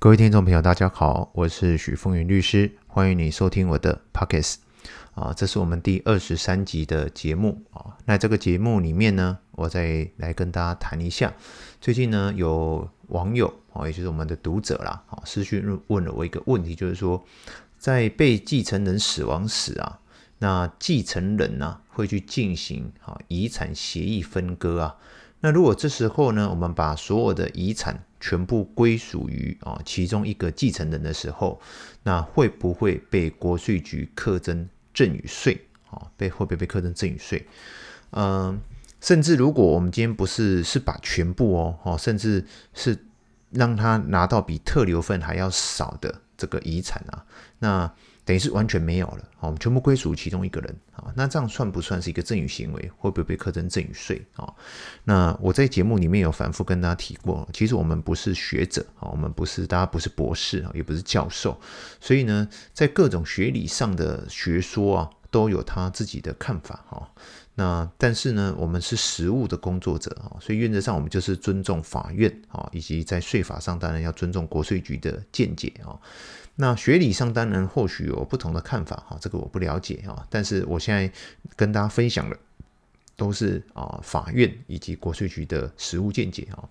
各位聽眾朋友，大家好，我是許峰源律師，歡迎你收聽我的 Podcast 啊，這是我們第二十三集的節目啊。那這個節目裡面呢，我再來跟大家談一下，最近呢有網友啊，也就是我們的讀者啦，啊，私訊問了我一個問題，就是說，在被繼承人死亡時啊，那繼承人呢、啊、會去進行啊遺產協議分割啊，那如果這時候呢，我們把所有的遺產全部歸屬於啊其中一個繼承人的時候，那會不會被國稅局課徵贈與稅啊？被會不會被課徵贈與稅？嗯、呃，甚至如果我們今天不是是把全部哦哦，甚至是讓他拿到比特留分還要少的這個遺產啊，那。等於是完全沒有了我們全部歸屬其中一個人那這樣算不算是一個贈與行為？會不會被課徵贈與稅？那我在節目裡面有反覆跟大家提過，其實我們不是學者我們不是大家不是博士也不是教授，所以呢，在各種學理上的學說啊，都有他自己的看法那但是呢，我們是實務的工作者所以原則上我們就是尊重法院以及在稅法上當然要尊重國稅局的見解那學理上當然或許有不同的看法哈，這個我不了解啊。但是我現在跟大家分享的都是啊，法院以及國稅局的實務見解哈。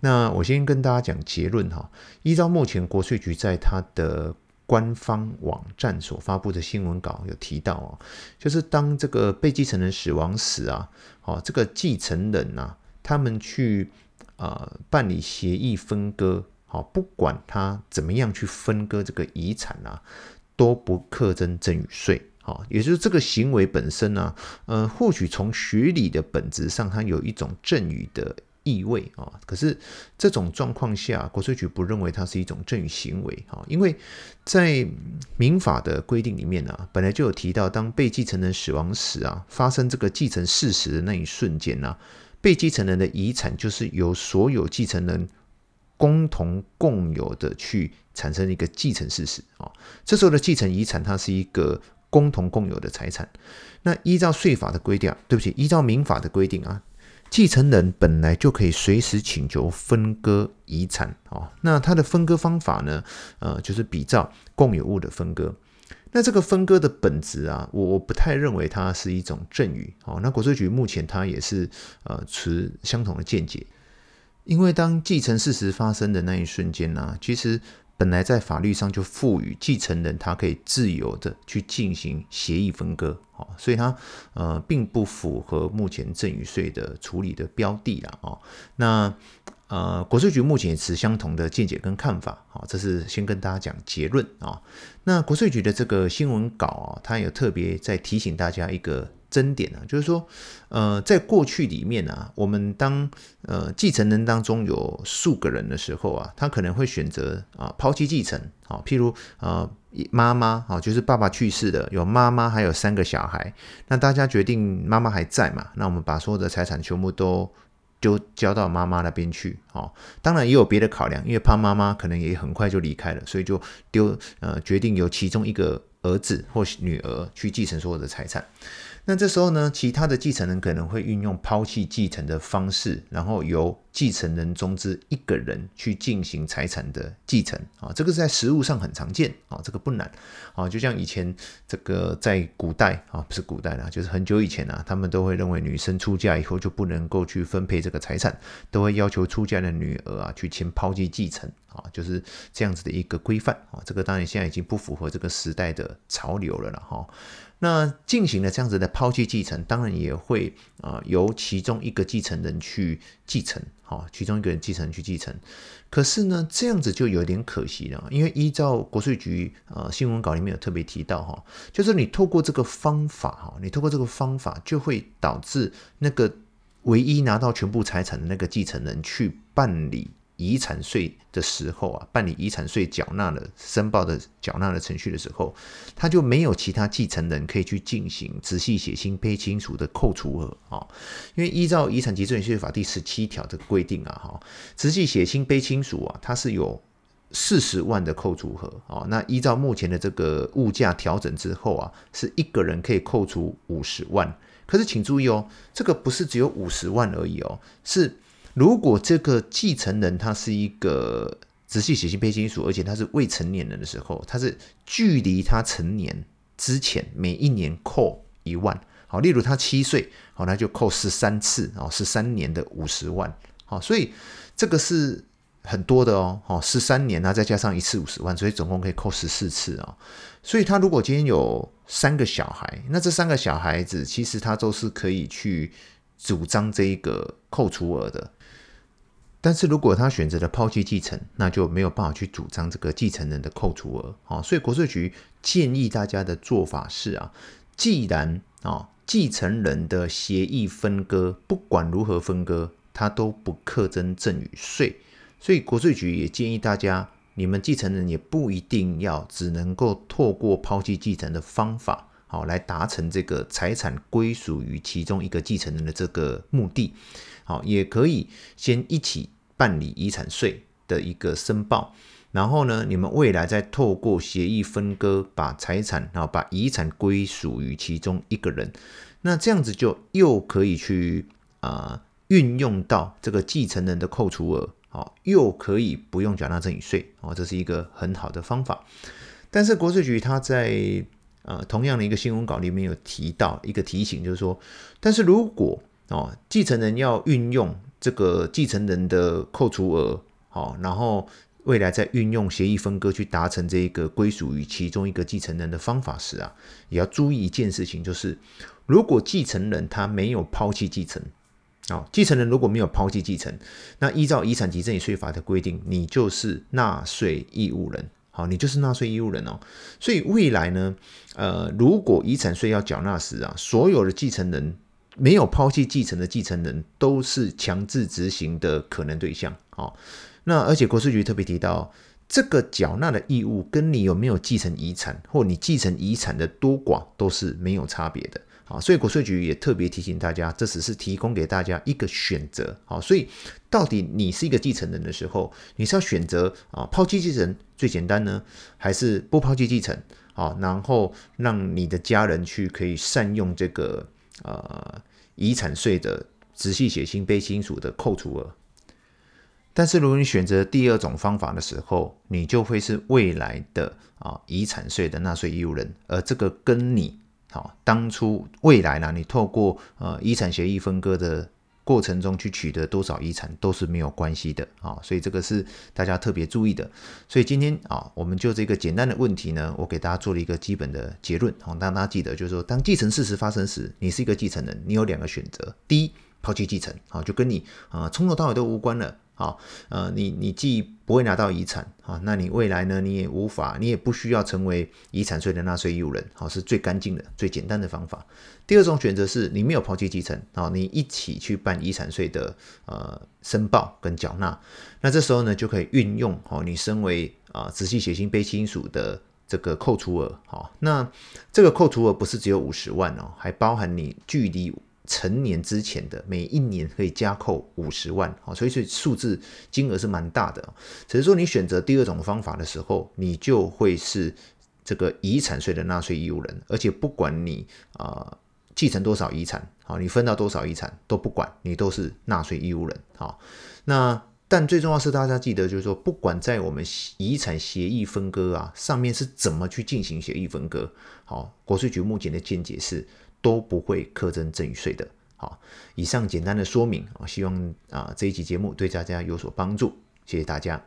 那我先跟大家講結論哈。依照目前國稅局在他的官方網站所發布的新聞稿有提到啊，就是當這個被繼承人死亡時啊，哦這個繼承人啊，他們去啊辦理協議分割。好、哦，不管他怎麼樣去分割這個遺產啊，都不課徵贈與稅。好、哦，也就是這個行為本身呢、啊，呃，或許從學理的本質上，它有一種贈與的意味啊、哦。可是這種狀況下，國稅局不認為它是一種贈與行為啊、哦，因為在民法的規定裡面呢、啊，本來就有提到，當被繼承人死亡時啊，發生這個繼承事實的那一瞬間呢、啊，被繼承人的遺產就是由所有繼承人。共同共有的去產生一個繼承事實啊，這時候的繼承遺產它是一個共同共有的財產。那依照稅法的規定啊，對不起，依照民法的規定啊，繼承人本來就可以隨時請求分割遺產啊。那它的分割方法呢，呃，就是比照共有物的分割。那這個分割的本質啊，我我不太認為它是一種贈與。哦，那國稅局目前它也是呃持相同的見解。因為當繼承事實發生的那一瞬間呢、啊，其實本來在法律上就賦予繼承人他可以自由的去進行協議分割，哦，所以他呃並不符合目前贈與稅的處理的標的，那呃國稅局目前持相同的見解跟看法，哦，這是先跟大家講結論啊，那國稅局的這個新聞稿啊，它有特別在提醒大家一個。爭點呢、啊，就是說，呃，在過去裡面呢、啊，我們當呃繼承人當中有數個人的時候啊，他可能會選擇啊拋棄繼承。啊、哦，譬如呃媽媽啊，就是爸爸去世的，有媽媽還有三個小孩，那大家決定媽媽還在嘛，那我們把所有的財產全部都丟交到媽媽那邊去。哦，當然也有別的考量，因為怕媽媽可能也很快就離開了，所以就丟呃決定由其中一個兒子或女兒去繼承所有的財產。那這時候呢，其他的繼承人可能會運用拋棄繼承的方式，然後由。繼承人中之一個人去進行財產的繼承啊，這個在實務上很常見啊，這個不難啊。就像以前這個在古代啊，不是古代啦，就是很久以前啊，他們都會認為女生出嫁以後就不能夠去分配這個財產，都會要求出嫁的女兒啊去簽拋棄繼承啊，就是這樣子的一個規範啊。這個當然現在已經不符合這個時代的潮流了哈。那進行了這樣子的拋棄繼承，當然也會。啊、呃，由其中一個繼承人去繼承，哈、哦，其中一個人繼承人去繼承。可是呢，這樣子就有點可惜了，因為依照國稅局呃新聞稿裡面有特別提到哈、哦，就是你透過這個方法哈，你透過這個方法就會導致那個唯一拿到全部財產的那個繼承人去辦理遺產稅的時候啊，辦理遺產稅繳納的申報的繳納的程序的時候，他就沒有其他繼承人可以去進行直系血親卑親屬的扣除額、哦、因為依照遺產及贈與稅法第十七條的規定啊，哈，直系血親卑親屬啊，它是有四十萬的扣除額啊、哦，那依照目前的這個物價調整之後啊，是一個人可以扣除五十萬，可是請注意哦，這個不是只有五十萬而已哦，是。如果這個繼承人他是一個直系血親卑親屬，而且他是未成年人的時候，他是距離他成年之前每一年扣一萬。好，例如他七歲，好，那就扣十三次哦，十三年的五十萬。好，所以這個是很多的哦。好，哦，十三年呢，再加上一次五十萬，所以總共可以扣十四次哦。所以他如果今天有三個小孩，那這三個小孩子其實他都是可以去主張這一個扣除額的。但是如果他選擇了拋棄繼承，那就沒有辦法去主張這個繼承人的扣除額啊、哦。所以國稅局建議大家的做法是啊，既然啊、哦、繼承人的協議分割不管如何分割，它都不課徵贈與稅。所以國稅局也建議大家，你們繼承人也不一定要只能夠透過拋棄繼承的方法。好，來達成這個財產歸屬於其中一個繼承人的這個目的。好，也可以先一起辦理遺產稅的一個申報，然後呢，你們未來再透過協議分割，把財產啊，然後把遺產歸屬於其中一個人，那這樣子就又可以去啊、呃，運用到這個繼承人的扣除額，好，又可以不用繳納贈與稅，好，這是一個很好的方法。但是國稅局他在。呃，同樣的一個新聞稿裡面有提到一個提醒，就是說，但是如果哦繼承人要運用這個繼承人的扣除額，好、哦，然後未來再運用協議分割去達成這個歸屬於其中一個繼承人的方法時啊，也要注意一件事情，就是如果繼承人他沒有拋棄繼承，哦，繼承人如果沒有拋棄繼承，那依照遺產及贈與稅法的規定，你就是納稅義務人。哦，你就是納稅義務人哦，所以未來呢，呃，如果遺產稅要繳納時啊，所有的繼承人，沒有拋棄繼承的繼承人，都是強制執行的可能對象。哦，那而且國稅局特別提到，這個繳納的義務跟你有沒有繼承遺產，或你繼承遺產的多寡，都是沒有差別的。啊，所以國稅局也特別提醒大家，這只是提供給大家一個選擇。好，所以到底你是一個繼承人的時候，你是要選擇啊拋棄繼承最簡單呢，還是不拋棄繼承啊？然後讓你的家人去可以善用這個呃遺產稅的直系血親卑親屬的扣除額。但是如果你選擇第二種方法的時候，你就會是未來的啊遺產稅的納稅義務人，而這個跟你。好，當初未來呢，你透過呃遺產協議分割的過程中去取得多少遺產都是沒有關係的啊、哦，所以這個是大家特別注意的。所以今天啊、哦，我們就這個簡單的問題呢，我給大家做了一個基本的結論啊、哦，讓大家記得，就是說，當繼承事實發生時，你是一個繼承人，你有兩個選擇：第一，拋棄繼承，啊、哦，就跟你啊、呃、從頭到尾都無關了。好，呃，你你既不會拿到遺產，啊、哦，那你未來呢，你也無法，你也不需要成為遺產稅的納稅義務人，好、哦，是最乾淨的、最簡單的方法。第二種選擇是你沒有拋棄繼承，啊、哦，你一起去辦遺產稅的呃申報跟繳納，那這時候呢，就可以運用，好、哦，你身為啊、呃、直系血親卑親屬的這個扣除額，好、哦，那這個扣除額不是只有五十萬哦，還包含你距離。成年之前的每一年可以加扣五十萬啊，所以數字金額是蠻大的。只是說你選擇第二種方法的時候，你就會是這個遺產稅的納稅義務人，而且不管你啊、呃、繼承多少遺產，好，你分到多少遺產都不管，你都是納稅義務人。好，那但最重要的是大家記得，就是說不管在我們遺產協議分割啊上面是怎麼去進行協議分割，好，國稅局目前的見解是。都不會課徵贈與稅的。好，以上簡單的說明啊，希望啊、呃、這一集節目對大家有所幫助，謝謝大家。